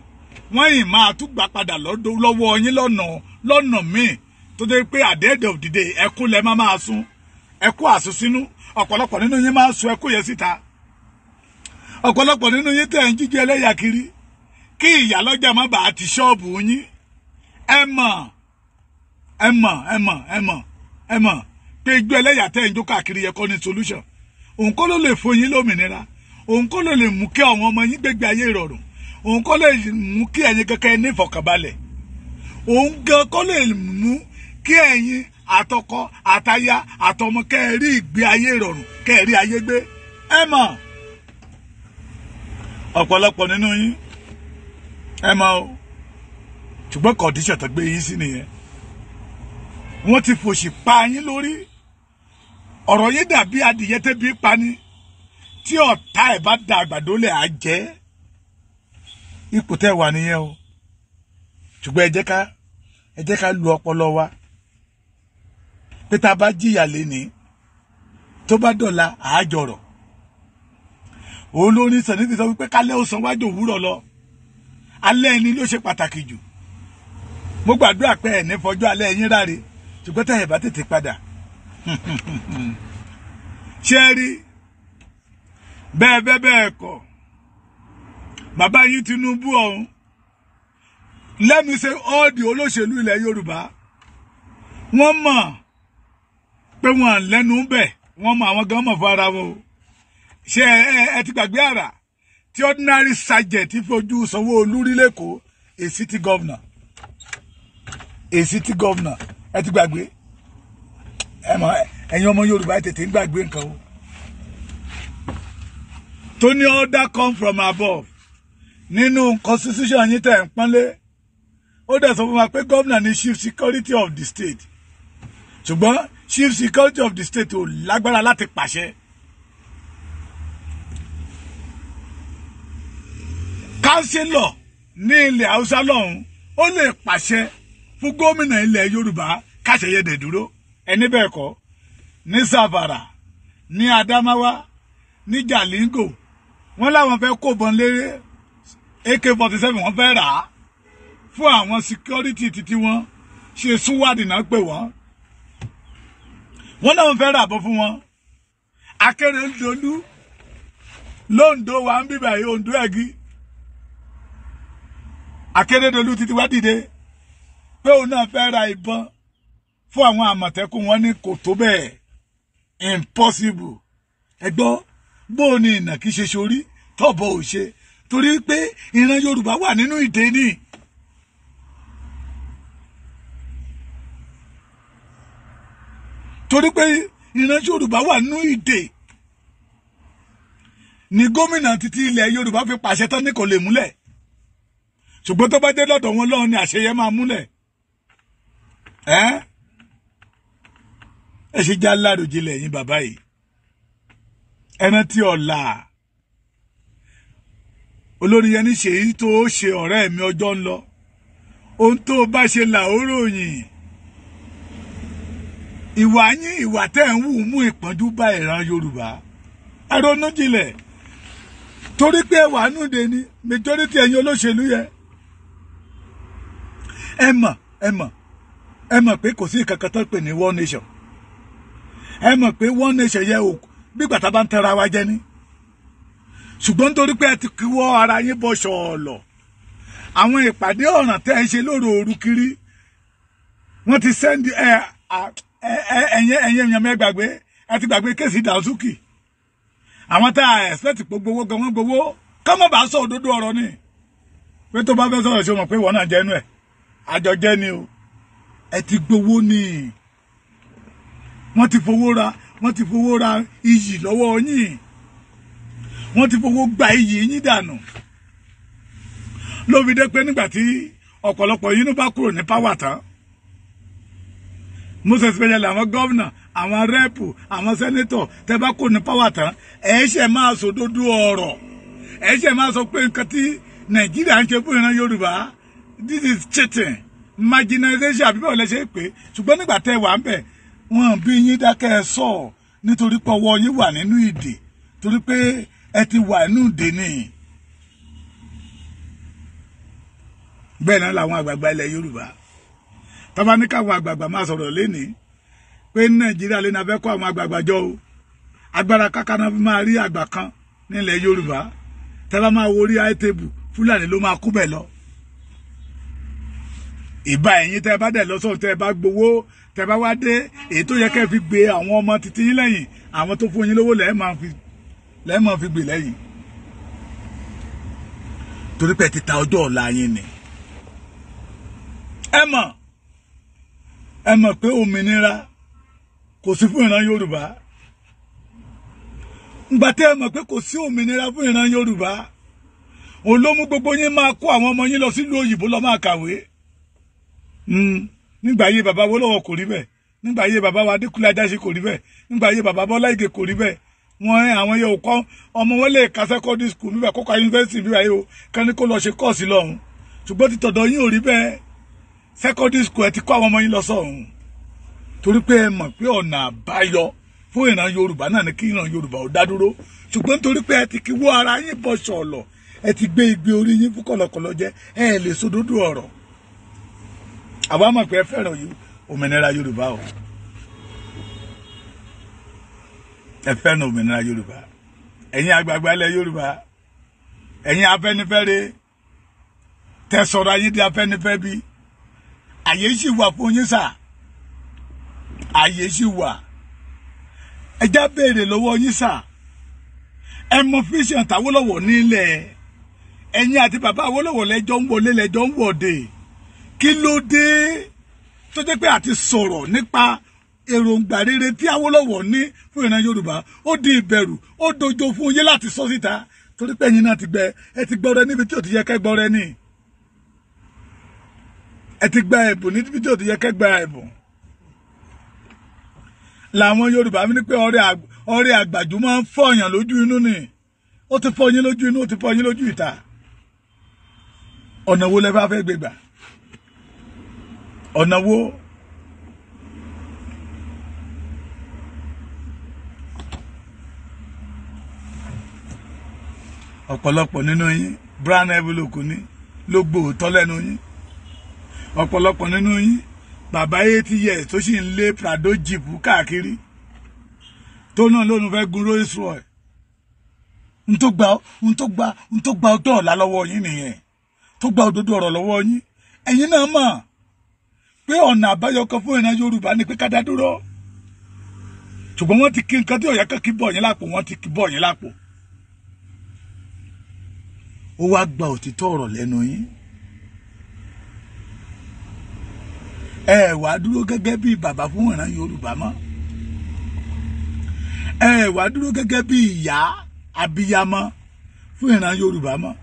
wọ́n yìí máa tún gbà padà lọ́wọ́ yín lọ́nà míì tó dé pé at the end of the day ẹkún lẹ máa máa sun ẹkún àsùnsínú ọ̀pọ̀lọpọ̀ nínú yín máa ń sun ẹkún yẹn síta ọ̀pọ̀lọpọ̀ nínú yín tẹ̀ ń jíjẹ ẹlẹ́yà kiri kí ìyálọ́jà má bàa ti ṣọ́ọ̀bù yín ẹ mọ̀ ẹ mọ̀ ẹ mọ̀ ẹ mọ̀ ẹ mọ̀ pé igbó ẹlẹ́yà tẹ̀ ń jó káàkiri yẹ kọ́ ni solution òun kọ́ ló lè fún yín lómìnira òun kọ́ ló lè mú kí àwọn ọmọ yín gbégbé ayé ìrọ̀rùn òun kọ́ lè mú kí ẹ̀yin kankan ní ìfọ̀kànbalẹ̀ òun gan kọ́ lè mú kí ẹ̀yin àtọkọ àtaya àtọmọ kẹ́ ẹ rí ìgbé ayé ìrọ̀rùn kẹ́ ẹ rí ayé gbé ẹ mọ̀ ọ̀pọ̀lọpọ̀ nínú yín ẹ mọ̀ o ṣùgbọ́n kọ̀díṣọ̀ tó gbé yín sí nìyẹn wọ́n ti fòṣì pa yín lórí ọ̀rọ̀ yín dàbí adìyẹ tẹ́bi pani tí ọ̀tá ẹ̀ bá da àgbàdo lẹ̀ á jẹ́ ipò tẹ́ wà nìyẹn o ṣùgbọ́n ẹ jẹ́ ká ẹ jẹ́ ká lu ọpọlọ wa pé tá a bá jìyà léni tó bá dọ̀la àájọrọ̀ òun ló ní sànni ti sọ wípé kálẹ́ òsàn wájú òwúrọ̀ lọ alẹ́ ẹni ló ṣe pàtàkì jù mo gbàdúrà pé ẹ̀ ní fọjọ́ alẹ́ ẹ̀yìn ráre ṣùgbọ́n tẹ̀yẹ̀ bá tètè padà ṣe rí bẹ́ẹ̀ bẹ́ẹ̀ bẹ́ẹ̀ kọ́ bàbá yín Tinubu ọ̀hún lẹ́nu ṣe ọ́ọ̀dì olóṣèlú ilẹ̀ Yorùbá wọ́n mọ̀ pé wọn lẹ́nu ń bẹ̀ wọ́n mọ àwọn gan mọ̀ fún ara wọn o ṣé ẹ ti gbàgbé àrà tí ordinary sergeant fojú Sanwó-Olú rí a city governor a city governor ẹ ti gbàgbé ẹ mọ ẹ̀yin ọmọ Yorùbá tètè ń gbàgbé nǹkan o tó ní order come from above nínú constitution yín tẹ̀ ń pọ́nlé ó dẹ̀ sọ fún wa pé gómìnà ni chief security of the state ṣùgbọ́n chief security of the state ò lágbára láti pàṣẹ. kánsílọ̀ ní ilẹ̀ haúsá lọ́hùn ó lè pàṣẹ fún gómìnà ilẹ̀ yorùbá káṣẹyẹdẹ̀ dúró ẹni bẹ́ẹ̀ kọ́ ní zamfara ní adamawa ní jalingo wọ́n láwọn fẹ́ kó bọn lé ak47 wọ́n fẹ́ rà á fún àwọn security títí wọn ṣe súnwádìí náà pè wọ́n wọ́n náà fẹ́ rà bọ́ fún wọn Akérédolú lóńdó wa ń bíbà yìí Oǹdó Ẹ̀gí Akérédolú títí wá dìde pé òun náà fẹ́ ra ìbọn fún àwọn àmọ̀tẹ́kùn wọn ní kò tó bẹ́ẹ̀ impossible ẹ gbọ́ bó o ní ìnàkí ṣe ṣorí tọ́bọ̀ ò ṣe torí pé ìran Yorùbá wà nínú ìdè nìyí. torí pé ìran yorùbá wà nú ìdè ni gómìnà títí ilẹ̀ yorùbá fi pàṣẹ tán ní kò lè múlẹ̀ ṣùgbọ́n tó bá dé lọ́dọ̀ wọn lọ́wọ́ ni àṣeyẹ máa múlẹ̀ ẹ́ ẹ ṣe já láròjinlẹ̀ yín bàbá yìí ẹran tí ọ̀la olórí yẹn ní ṣèyí tó ṣe ọ̀rẹ́ mi ọjọ́ ń lọ ohun tó bá ṣe làóròyìn ìwà yín ìwà tẹ́ ń wù mú ìpọ́njú bá ìran Yorùbá ẹ ronú jinlẹ̀ torí pé ẹwà núde ni majority ẹ̀yin olóṣèlú yẹ ẹ mọ̀ ẹ mọ̀ ẹ mọ̀ pé kò sí ìkankan tó pè ní one nation ẹ mọ̀ pé one nation yẹ o gbígbà tá a bá ń tẹra wa jẹ ni ṣùgbọ́n nítorí pé ẹ ti kíwọ́ ara yín bọ́ ṣọ̀ọ̀lọ̀ àwọn ìpàdé ọ̀ràn tẹ́ ẹ ṣe lóru òru kiri wọ́n ti sẹ́ndì ẹ ẹ̀yin ẹ̀yin èèyàn mẹ́ gbàgbé ẹ ti gbàgbé kéèsì dàzúkì àwọn tá a expect pé gbowó gan gbowó sọ òdodo ọ̀rọ̀ ni pé tó bá fẹ́ sọ̀rọ̀ sí o mọ̀ pé ìwọ náà jẹ́ inú ẹ̀ àjọ jẹ́ ni o ẹ ti gbowó ni ti fowó ra ti fowó ra iyì lọ́wọ́ yín wọ́n ti fowó gba iyì yín dànù dé pé nígbà tí ọ̀pọ̀lọpọ̀ yín most especially àwọn gọ́vnà àwọn rẹ́pù àwọn sẹ́nẹ́tọ̀ tẹ́ bá kò ní pàwà tán ẹ ṣe máa sòdodo ọ̀rọ̀ ẹ ṣe máa sọ pé nǹkan tí nàìjíríà ń ṣe fún ìran yorùbá this is cheating marginalization àbí bẹ́ẹ̀ lẹ́sẹ̀ pé ṣùgbọ́n nígbà tẹ́ wà ń bẹ̀ wọ́n bí yín dákẹ́ ẹ sọ nítorí pé ọwọ́ yín wà nínú ìdè torí pé ẹ ti wà nínú ìdè nìyí. bẹ́ẹ̀ náà làwọn àgbààgbà ilẹ̀ yorùbá tọ́ba ní káwọn àgbààgbà máa sọ̀rọ̀ lénìí pé ní nàìjíríà lẹ́nu abẹ́kọ̀ àwọn àgbààgbà jọ o agbára kákaná fi máa rí àgbà kan nílẹ̀ yorùbá tẹ́bá máa wo orí àìtẹ́bù fúlàní ló máa kú bẹ̀ lọ. ìbá ẹ̀yìn tẹ́ bá dẹ̀ lọ́sọ̀ tẹ́ bá gbowó tẹ́ bá wá dé èyí tó yẹ kẹ́ fi gbé àwọn ọmọ títí yín lẹ́yìn àwọn tó fún yín lówó lẹ́ẹ̀ máa fi gbè lẹ́yìn. torí pé ti ta ọjọ́ ọ̀la yín ni. ẹ mọ̀ ẹ mọ̀ pé òmìnira kò sí fún ìran yorùbá ngbà tẹ́ ẹ mọ̀ pé kò sí òmìnira fún ìran yorùbá olómú gbogbo yín máa kó àwọn ọmọ yín lọ sílùú òyìnbó lọ máa kàwé hmm. nígbà ayé bàbá wọlọ́wọ́ kò rí bẹ́ẹ̀ nígbà ayé bàbá wa adékúnlé ajáṣe kò rí bẹ́ẹ̀ nígbà ayé bàbá bọ́lá ìgè kò rí bẹ́ẹ̀ wọn àwọn yẹn ò kọ́ ọmọ wọn lè ka secondary school bíbẹ̀ kókó yunifásitì bíbẹ̀ yìí o kẹ́ni kó lọ ṣe kọ́ọ̀sì lọ́hùn ṣùgbọ́n ti tọ̀dọ̀ yín ò rí bẹ́ẹ̀ secondary school ẹ ti kó àwọn ọmọ yín lọ sọ́run torí pé ẹ mọ̀ pé ọ̀nà àbáyọ fún ìran yorùbá náà ni kí ìran yorùbá ò dádúró ṣùgbọ́n nítorí pé ẹ ti kí wọ́ ara yín bọ̀ ṣọ̀lọ̀ ẹ ti gbé igbe orí yín fún kọ̀lọ̀kọ̀lọ̀ jẹ ẹ lè sódódó ọ̀rọ̀ àwa mọ̀ pé ẹ fẹ́ràn òmìnira yorùbá o ẹ fẹ́ràn òmìnira yorùbá ẹ̀yin àgbààgbà ilẹ̀ yorùbá ẹ̀yin afẹ́nifẹ́re tẹ̀sọ̀rọ̀ ayé di afẹ́nifẹ́ bíi àyè sì wà fún yín sà àyè sì wà ẹ já béèrè lọ́wọ́ yín sà ẹ mọ fíṣàn tàwọ́lọ́wọ́ nílẹ̀ ẹ̀yin àti bàbá Awólọ́wọ̀ lẹ́jọ́ ń wọlé lẹ́jọ́ ń wọ̀de kí ló dé tó jẹ́ pé àti sọ̀rọ̀ nípa èròǹgbà rere tí Awólọ́wọ̀ ní fún ìran Yorùbá ó di ìbẹ̀rù ó dojo fún yín láti sọ síta torí pé ẹ̀yin náà ti gbẹ ẹ ti gbọ́rẹ́ níbi tí ò ti yẹ kẹ́ gbọ́rẹ́ nìyí ẹ ti gba ẹ̀bùn níbi tí ò ti yẹ kẹ́ gba ẹ̀bùn làwọn yorùbá mi ní pé ọrẹ àgbàjú máa ń fọyàn lójú inú ni ó ti fọyín lójú inú ó ti fọyín lójú ìta ọ̀nà wo lẹ bá fẹ́ gbégbà ọ̀nà wo ọ̀pọ̀lọpọ̀ nínú yín brown envelope ní ló gbòòtọ́ lẹ́nu yín ọ̀pọ̀lọpọ̀ nínú yín bàbá eighty years tó sì ń lé prado jeep káàkiri tó náà lóun fẹ́ gun rolls royce n tó gba n tó gba n tó gba ọdọ ọ̀la lọ́wọ́ yín nìyẹn tó gba òdodo ọ̀rọ̀ lọ́wọ́ yín ẹ̀yin náà mọ̀ pé ọ̀nà àbáyọ kan fún ìran yorùbá ni pé ká dá dúró ṣùgbọ́n wọ́n ti kí nǹkan tí ọ̀yá kan kí bọ̀ yín lápò wọ́n ti kí bọ̀ yín lápò ó wá gba òtítọ́ ọ̀rọ̀ lẹ́nu yín ẹ wá dúró gẹ́gẹ́ bí bàbá fún ìran Yorùbá mọ́ ẹ wá dúró gẹ́gẹ́ bí ìyá abiyamọ fún ìran Yorùbá mọ́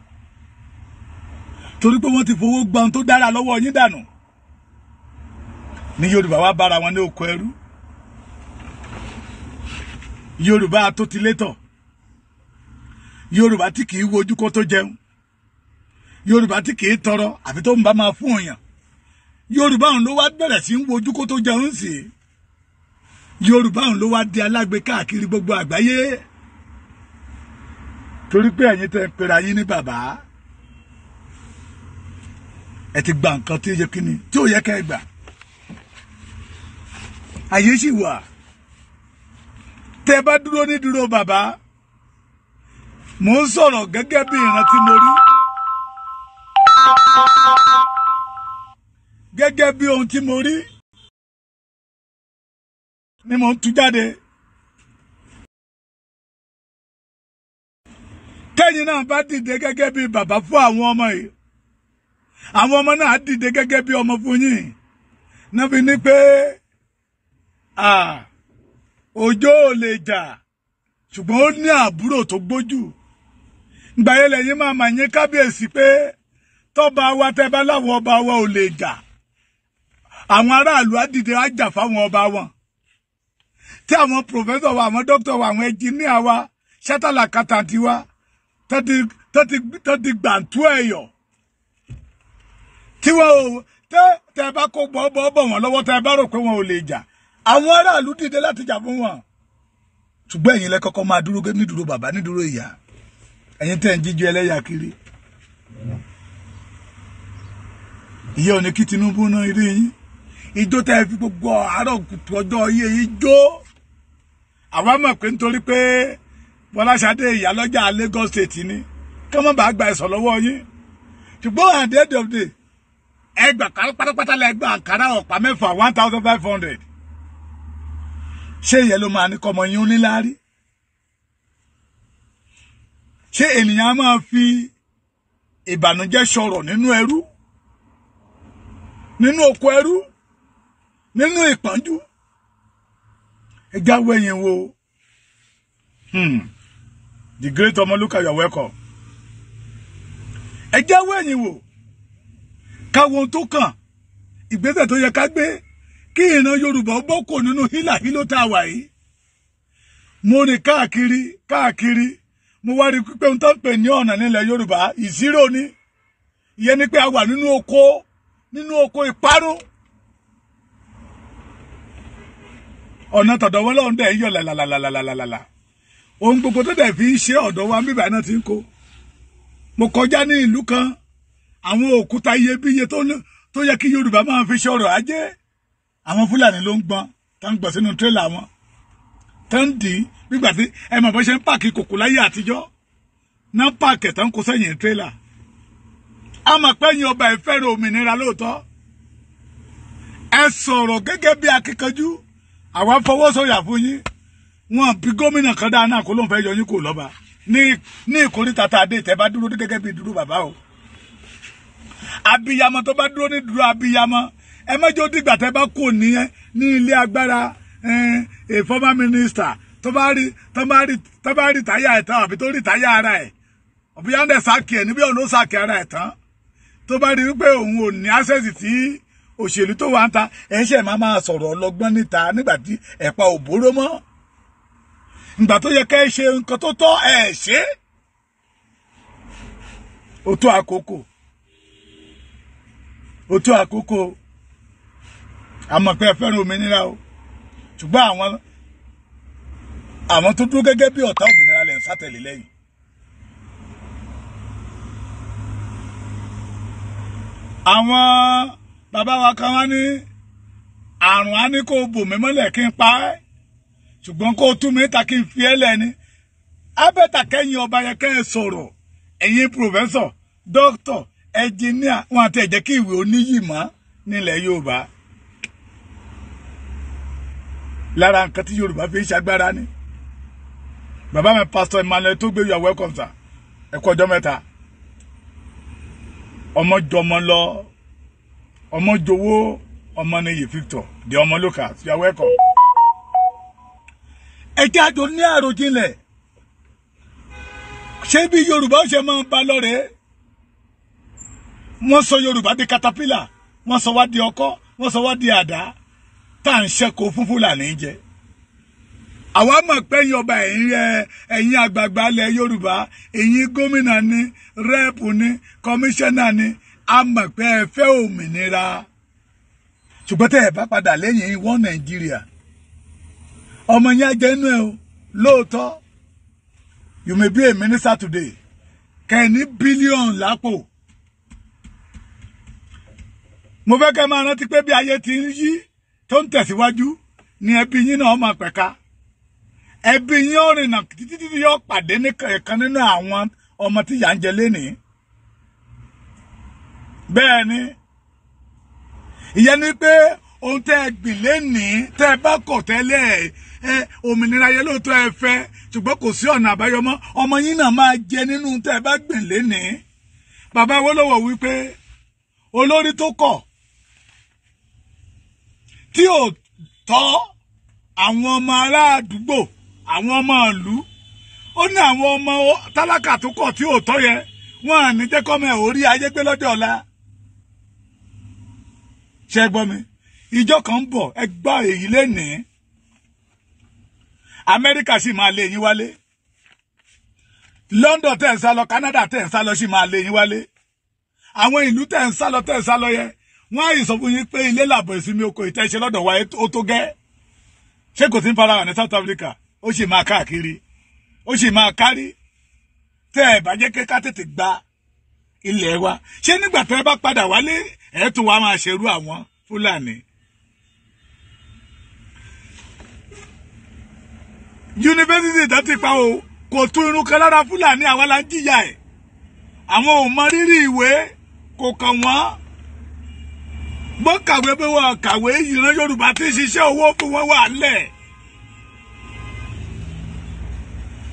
torí pé wọ́n ti fowó gbọ́n tó dára lọ́wọ́ yín dànù ní Yorùbá wá bára wọn ní oko ẹrú Yorùbá atótilétọ̀ Yorùbá tí kì í wojú kó tó jẹun Yorùbá tí kì í tọrọ àfi tó ń bá máa fún òyàn yorùbá òun ló wá bẹ̀rẹ̀ sí ń wojú kó tó jẹun sí yorùbá òun ló wá di alágbe káàkiri gbogbo àgbáyé torí pé ẹ̀yin tẹ́ ń pera yín ní bàbá ẹ ti gba nǹkan tí ó yẹ kíni tí ó yẹ ká ẹ gbà àyè sì wà tẹ́ bá dúró ní dúró bàbá mò ń sọ̀rọ̀ gẹ́gẹ́ bí ìran mo rí. gẹ́gẹ́ bí ohun tí mo rí ni mo ń tú jáde. kẹ́yìn náà bá dìde gẹ́gẹ́ bí bàbá fún àwọn ọmọ yìí àwọn ọmọ náà dìde gẹ́gẹ́ bí ọmọ fún yín náà fi ní pé òjò ò lè jà ṣùgbọ́n ó ní àbúrò tó gbójú gbàyẹlẹ yìí máa mà yín kábíyèsí pé tọ́ba wa tẹ́ bá láwọn ọba wa ò lè jà àwọn aráàlú á dìde á jà fáwọn ọba wọn tí àwọn pòfẹ́sọ̀ wa àwọn dókítà wa àwọn ẹnjìníà wa ṣátàlà kàtàǹtì wa tó ti gbàǹtú ẹ̀yọ̀ tí wọn ò tẹ tẹ bá kó bọ́ọ̀bọ̀ bọ̀ wọ́n lọ́wọ́ tẹ bá rò pé wọn ò lè jà àwọn aráàlú dìde láti jà fún wọn ṣùgbọ́n ẹ̀yin lẹ́kọ́kọ́ máa dúró nídúró bàbá nídúró ìyá ẹ̀yin tẹ́ ń jíjú ẹlẹ́yà kiri ìyá ò kí Tinubu ná ilé yín ìjó tẹ́ fi gbogbo àárọ̀ kùtù ọjọ́ iye ìjó àwa mọ̀ pé nítorí pé Bọ́láṣadé ìyálọ́jà Lagos State ni kí wọ́n bá gba ẹ̀sọ̀ lọ́wọ́ yín ṣùgbọ́n at the end of the day ẹgbà pátápátá la ẹgbà àǹkárá ọ̀pá mẹ́fà one thousand five hundred ṣé ìyẹn ló máa ní kọ́mọ yín ó níláárí ṣé ènìyàn máa fi ìbànújẹ́ sọ̀rọ̀ nínú ẹrú nínú oko ẹrú nínú ìpọ́njú ẹja wo ẹ̀yìn wo the great Ọmọlúkà you are welcome ẹja wo ẹ̀yìn wo káwọn tó kàn ìgbésẹ̀ tó yẹ ká gbé kí ìran Yorùbá bọ́kò nínú hílà hílò tá a wà yìí mo rìn káàkiri káàkiri mo wá rí pípé ohun tó ń pè ní ọ̀nà nílẹ̀ Yorùbá ìṣirò ni ìyẹn ni pé a wà nínú oko nínú oko ìparun. ọ̀nà tọ̀dọ̀ wọn lọ́hùn dẹ̀ ń yọ làlàlàlàlàlà ohun gbogbo tó dẹ̀ fi ń ṣe ọ̀dọ̀ wa bíbà náà ti ń kó mo kọjá ní ìlú kan àwọn òkúta iyebíye tó yẹ kí Yorùbá máa fi ṣe ọrọ̀ ajé àwọn Fúlàní ló ń gbọ́n tá ń gbọ́n sínú tírélà wọn tó ń dì í nígbà tí ẹ mọ̀ bó ṣe ń pààkì kòkó láyé àtijọ́ náà pààkì tó ń kó sẹ́yìn tírélà a mọ̀ pé ẹ̀yin ọba ìfẹ́rẹ̀ òmìnira lóòótọ́ ẹ sọ̀rọ̀ gẹ́gẹ́ bí akíkanjú àwa fọwọ́ sọ̀yà fún yín wọn bí gómìnà kan dáa náà kó ló ń fẹ́ yọ yín kò lọ́ba ní ní ìkórìtà tá a dé ìtẹ́ bá dúró gẹ́gẹ́ bí dúró bàbá o abiyamọ tó bá dúró ní dúró abiyamọ ẹ mẹ́jọ ó dìgbà tẹ́ bá kò ní ẹ ní ilé agbára ẹ former minister tó bá rí tó bá rí tó bá rí táyà ẹ̀ tán àbí tó rí táyà ara ẹ̀ ọ̀bí yándẹ̀ sáàkì ẹ̀ níbí ọ̀nà ó sáàkì ara ẹ̀ tán tó bá rí wípé òun ò ní access tí òṣèlú tó wà ń ta ẹ máa máa sọ̀rọ̀ ọlọ́gbọ́n níta nígbà tí ò bóró mọ́ ìgbà tó yẹ ká ẹ ṣe nǹkan tó tọ ẹ ṣe tó àkókò tó àkókò pé o ṣùgbọ́n àwọn àwọn tó dúró gẹ́gẹ́ bí òmìnira ń bàbá wa kan wá ní àrùn á ní kó bò mí mọ́lẹ̀ kí n pa ẹ́ ṣùgbọ́n kó tú mi ta kí n fi ẹ́ lẹ́ni abẹ́ta kẹ́yìn ọba yẹn kẹ́ ẹ sọ̀rọ̀ ẹ̀yin pòfẹ́sọ̀ dókítọ̀ ẹnjìníà wọn àti ẹ̀jẹ̀ kí ìwé oníyì mọ́ nílẹ̀ yorùbá lára nǹkan tí yorùbá fi ń ṣagbára ni bàbá mi pásítọ̀ emmanuel tó gbé you are welcome sir ẹ kú ọjọ́ mẹ́ta ọmọ jọmọ lọ Omojowo Omoneye Victor, the Omo Locals, you are welcome. Ẹ jẹ́ àjò ní àròjinlẹ̀. Ṣé bí Yorùbá ṣe máa ba lọ́rẹ̀ẹ́? Wọ́n sọ Yorùbá di katapila, wọ́n sọ wá di ọkọ́, wọ́n sọ wá di àdá, tá à ń ṣẹ́kọ̀ọ́ fún Fúlàní jẹ àwa mọ̀ pé ẹ̀yin ọba ẹ̀yin ẹ̀yin àgbààgbà ilẹ̀ yorùbá ẹ̀yin gómìnà ni rẹ́ẹ̀pù ni kọmíṣánná ni a mọ̀ pé ẹ fẹ́ òmìnira ṣùgbọ́n tẹ́ ẹ bá padà lẹ́yìn wọ́n nàìjíríà ọmọ yẹn jẹ́nu ẹ o lóòótọ́ you may be a minister today kẹ́ni bílíọ̀n lápò mo fẹ́ kẹ́ máa rántí pé bí ayé ti ń yí tó ń tẹ̀síwájú ni ẹbí yín náà máa pẹ̀ka ẹbí yín ọ̀rìnà títí yóò pàdé nìkan nínú àwọn ọmọ tí yà ń jẹ lénìí bẹ́ẹ̀ ni ìyẹn ni pé ohun tẹ́ ẹ gbìn lénìí tẹ́ ẹ bá kọ̀ tẹ́lẹ̀ ẹ òmìnira yẹn lóòótọ́ ẹ fẹ́ ṣùgbọ́n kò sí ọ̀nà àbáyọ mọ́ ọmọ yín náà máa jẹ nínú tẹ́ ẹ bá gbìn lénìí bàbá Awólọ́wọ̀ wípé olórí tó kọ̀ tí ò tọ́ àwọn ọmọ ará àdúgbò àwọn ọmọ ìlú ó ní àwọn ọmọ tálákà tó kọ̀ tí ò tọ́ yẹ wọn à ní jẹ́ kọ́mọ ayé gbé lọ́dọ̀ ọ̀la ṣe gbọ́ mi ìjọ kan ń bọ̀ ẹ gbọ́ èyí lénìí amẹ́ríkà sì máa lé yín wálé london tẹ̀ ń sá lọ canada tẹ̀ ń sá lọ sì máa lé yín wálé àwọn ìlú tẹ̀ ń sá lọ tẹ̀ ń sá lọ yẹ wọ́n á sọ fún yín pé ilé làbọ̀ ìsinmi oko ìtẹ́ṣe lọ́dọ̀ wa ó tó gẹ́ ṣé kò sí ń fara hàn ní south africa ó sì máa káàkiri ó sì máa kárí tẹ́ ẹ̀ bá jẹ́ kí ká tètè gba ilẹ̀ wa ṣé nígbà tẹ́ ẹ bá padà wálé ẹ tún wá máa ṣerú àwọn fúlàní. yunifásitì tó pa o kò tún irun kan lára fúlàní àwa la ń jìyà ẹ̀ àwọn ò mọ rírì ìwé kò kàn wọ́n gbọ́n kàwé pé wọ́n kàwé ìran yorùbá tí ń ṣiṣẹ́ owó fún wọn wà lẹ̀.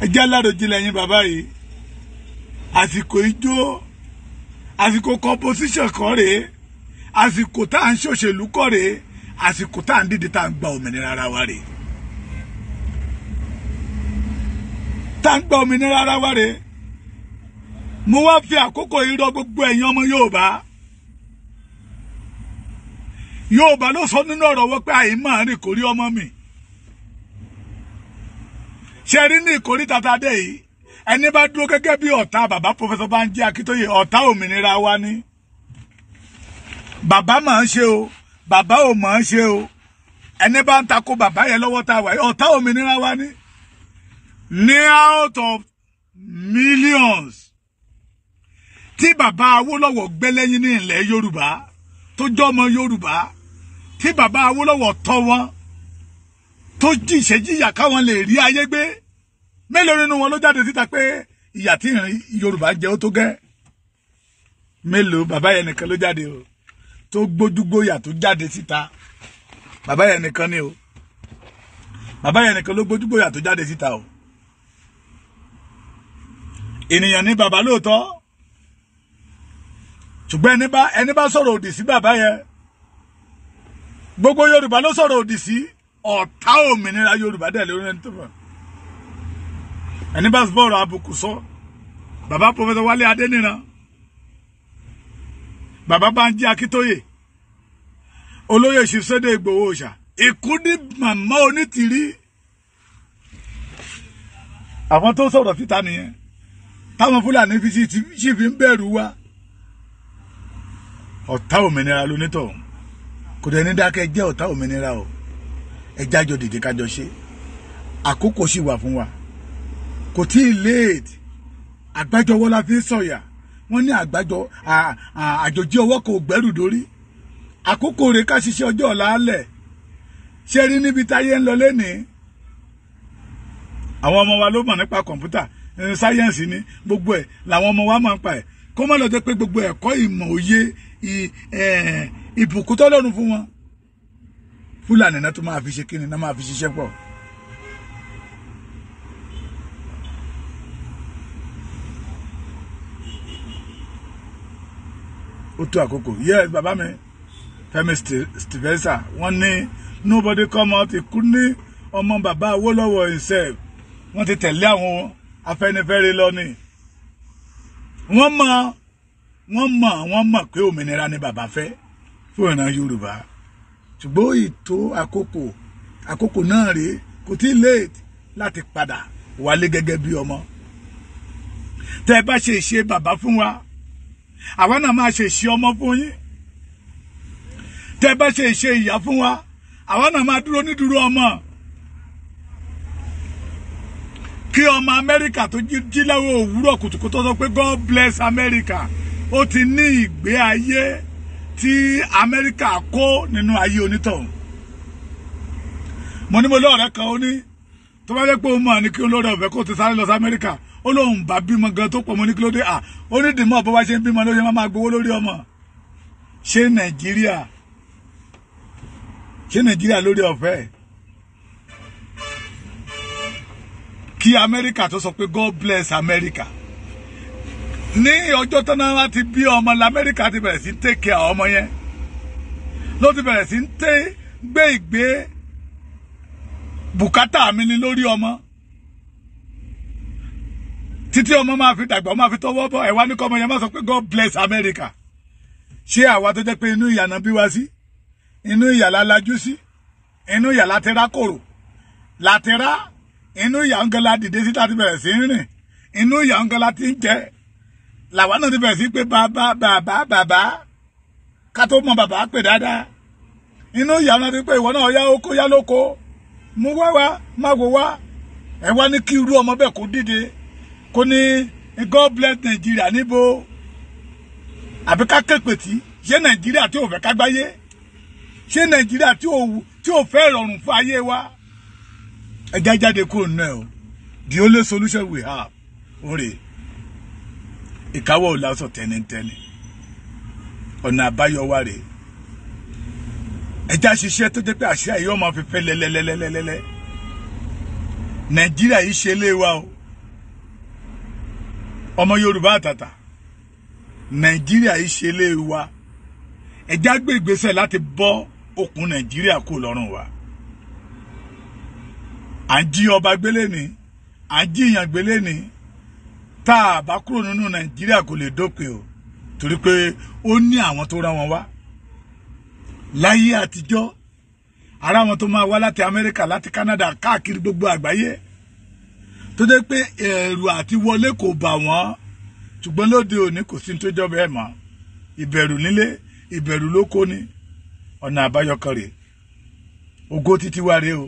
ẹ jẹ́ yín bàbá yìí àsìkò ijó àsìkò composition kan rèé àsìkò tá à ń ṣòṣèlú kọ́ rèé àsìkò tá à ń dìde tá à ń gba òmìnira ara wa rèé tá à ń gba òmìnira ara wa rèé mo wá fi àkókò yìí rọ gbogbo ẹ̀yin ọmọ Yorùbá Yorùbá ló sọ nínú ọ̀rọ̀ wọ́n pé àyè máa rìn kórí ọmọ mi ṣe rí ní ìkórí tata dé yìí ẹni bá dúró gẹ́gẹ́ bí ọ̀tá bàbá pọfẹsọ Bánjí Akíntóyè ọ̀tá òmìnira wa ni bàbá máa ń ṣe o bàbá ò máa ń ṣe o ẹni bá ń takò bàbá yẹn lọ́wọ́ tá a wà ọ̀tá òmìnira wa ní ní out of millions tí bàbá Awólọ́wọ̀ gbẹ́lẹ́yìn ní ilẹ̀ Yorùbá tó jọmọ Yorùbá tí bàbá Awólọ́wọ̀ tọ́ wọn tó jìṣẹ́jìyà káwọn lè rí ayé gbé mélòó nínú wọn ló jáde síta pé ìyà tí ìrìn Yorùbá jẹ́ ó tó gẹ́ mélòó bàbá yẹn nìkan ló jáde o tó gbójúgbóyà tó jáde síta bàbá yẹn nìkan ni o bàbá yẹn nìkan ló gbójúgbóyà tó jáde síta o ènìyàn ní bàbá lóòótọ́ ṣùgbọ́n ẹni bá ẹni bá sọ̀rọ̀ òdì sí bàbá yẹn gbogbo Yorùbá ló sọ̀rọ̀ òdì sí ọ̀tá òmìnira Yorùbá dẹ̀ lórí ẹni tó fà ẹni bá sọ̀rọ̀ àbùkù sọ bàbá pọfẹsọ Wálé Adéníran bàbá Bánjí Akíntóyè olóyè Ṣìṣẹ́dẹ̀ Ìgbòho Òòṣà ìkúndí màmá onítìrí àwọn tó sọ̀rọ̀ síta nìyẹn táwọn Fúlàní fi sì fi ń bẹ̀rù wa ọ̀tá òmìnira lónítọ̀ kò dẹ̀ ní dákẹ́ jẹ́ ọ̀tá òmìnira o ẹ jájọ dìde kájọ ṣe àkókò sì wà fún wa kò tí ì léèdì àgbájọwọ́ fi ń sọ̀yà wọ́n ní àgbájọ àjòjì ọwọ́ kò gbẹ́rù dórí àkókò rẹ̀ ká ṣiṣẹ́ ọjọ́ ọ̀la alẹ̀ ṣe rí níbi táyé ń lọ lénìí àwọn ọmọ wa ló mọ̀ nípa kọ̀ǹpútà sáyẹ́ǹsì ni gbogbo ẹ̀ làwọn ọmọ wa máa ń pa ẹ̀ kó má lọ jẹ́ pé gbogbo ẹ̀kọ́ ìmọ̀ òye ìbùkún tọ́lọ́run fún wọn fúlàní náà tó máa fi ṣe kíni náà máa fi ṣiṣẹ́ pọ̀. ó tó àkókò yes bàbá mi Fẹ́mi stevenson wọ́n ní nobody come out ikú ní ọmọ bàbá Awólọ́wọ̀ himself wọ́n ti tẹ̀lé àwọn Afẹ́nifẹ́re lọ ni wọ́n mọ wọ́n mọ wọ́n mọ pé òmìnira ni bàbá fẹ́ fún ìran Yorùbá ṣùgbọ́n ìtò àkókò àkókò náà rèé kò tí late láti padà wálé gẹ́gẹ́ bí ọmọ tẹ́ ẹ bá ṣe ṣe bàbá fún wa àwa náà máa ṣe ìṣe ọmọ fún yín tẹ́ bá ṣe ìṣe ìyá fún wa àwa náà máa dúró nídúró ọmọ kí ọmọ amẹ́ríkà tó jí lẹ́wọ̀ òwúrọ̀ kùtùkùtù sọ pé god bless america ó ti ní ìgbé ayé tí amẹ́ríkà kó nínú ayé onítọ̀hún mo ní mo lọ́ọ̀rẹ́ kan ó ní tó bá jẹ́ pé ó mọ̀ ní kí olóore ọ̀fẹ́ kó ti sáré lọ sí amẹ́ríkà ó lóun bá bímọ gan tó pọ̀ mọ́ ní kí ló dé à ó ní dìmọ́ bó bá ṣe ń bímọ ló ṣe máa gbowó lórí ọmọ ṣé nàìjíríà ṣé nàìjíríà lórí ọ̀fẹ́ kí amẹ́ríkà tó sọ pé god bless amẹ́ríkà ní ọjọ́ tọ́nà wá ti bí ọmọ lamẹ́ríkà ti bẹ̀rẹ̀ sí ń take care ọmọ yẹn ló ti bẹ̀rẹ̀ sí ń gbé ìgbé bùkátà mi ní lórí ọmọ títí ọmọ máa fi dàgbà ọmọ máa fi tọwọ́ bọ̀ ẹ̀wá ní kọ́mọ yẹn máa sọ pé God bless America ṣé àwa tó jẹ́ pé inú ìyà náà bí wá sí inú ìyà la lajú sí inú ìyà la tẹ́ra kòrò la tẹ́ra inú ìyà ń gan la dìde sí láti bẹ̀rẹ̀ sí rìn inú ìyà ń gan la ti ń jẹ làwa náà ti bẹ̀rẹ̀ sí pé bàbá bàbá bàbá ká tó mọ bàbá pè dáadáa inú ìyà náà ti pé ìwọ náà yá oko yá lóko mú wá wá má wò wá ẹ wá ní kí irú ọmọ bẹ́ẹ̀ kó dìde kò ní God bless Nigeria níbo àbí ká képe tí ṣé Nàìjíríà tí ò fẹ́ ká gbáyé ṣé Nàìjíríà tí ò tí ò fẹ́ rọrùn fún ayé wa ẹja jáde kúrò nínú ẹ o the only solution we have òrè ìkáwọ́ ò lásọ tẹ́nitẹ́ni ọ̀nà àbáyọ wa rèé ẹja ṣiṣẹ́ tó jẹ́ pé àṣà yìí ọmọ fífẹ́ lẹ́lẹ́lẹ́lẹ́lẹ́lẹ́ Nàìjíríà yìí ṣe lé wa o ọmọ yorùbá àtàtà nàìjíríà yìí ṣe lé wa ẹjá gbé ìgbésẹ̀ láti bọ́ okùn nàìjíríà kó lọ́rùn wa à ń jí ọba gbélé ni à ń jí ìyàn gbélé ni tá a bá kúrò nínú nàìjíríà kò lè dópin o torí pé ó ní àwọn tó rán wọn wá láyé àtijọ́ ara wọn tó máa wá láti amẹ́ríkà láti canada káàkiri gbogbo àgbáyé tó jẹ́ pé eh, ẹ̀rù àti wọlé kò bà wọ́n ṣùgbọ́n lóde òní kò sí tó jọ bẹ́ẹ̀ mọ́ ìbẹ̀rù nílé ìbẹ̀rù lóko ni ọ̀nà àbáyọ kan rèé ògo títí wá rèé o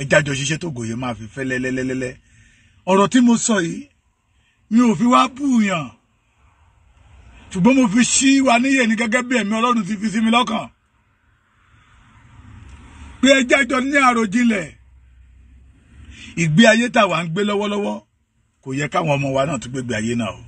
ẹja jọ ṣiṣẹ́ tó gòye máa fi fẹ́ lẹ́lẹ́lẹ́lẹ́ ọ̀rọ̀ tí mo sọ yìí mi ò fi wá búyàn ṣùgbọ́n mo fi ṣí wa níyè ní gẹ́gẹ́ bí ẹ̀mí ọlọ́run ti fi sí mi lọ́kàn pé ẹja jọ ní àròjinlẹ̀ ìgbé ayé tá wà ń gbé lọ́wọ́lọ́wọ́ kò yẹ káwọn ọmọ wa náà tún gbégbé ayé náà o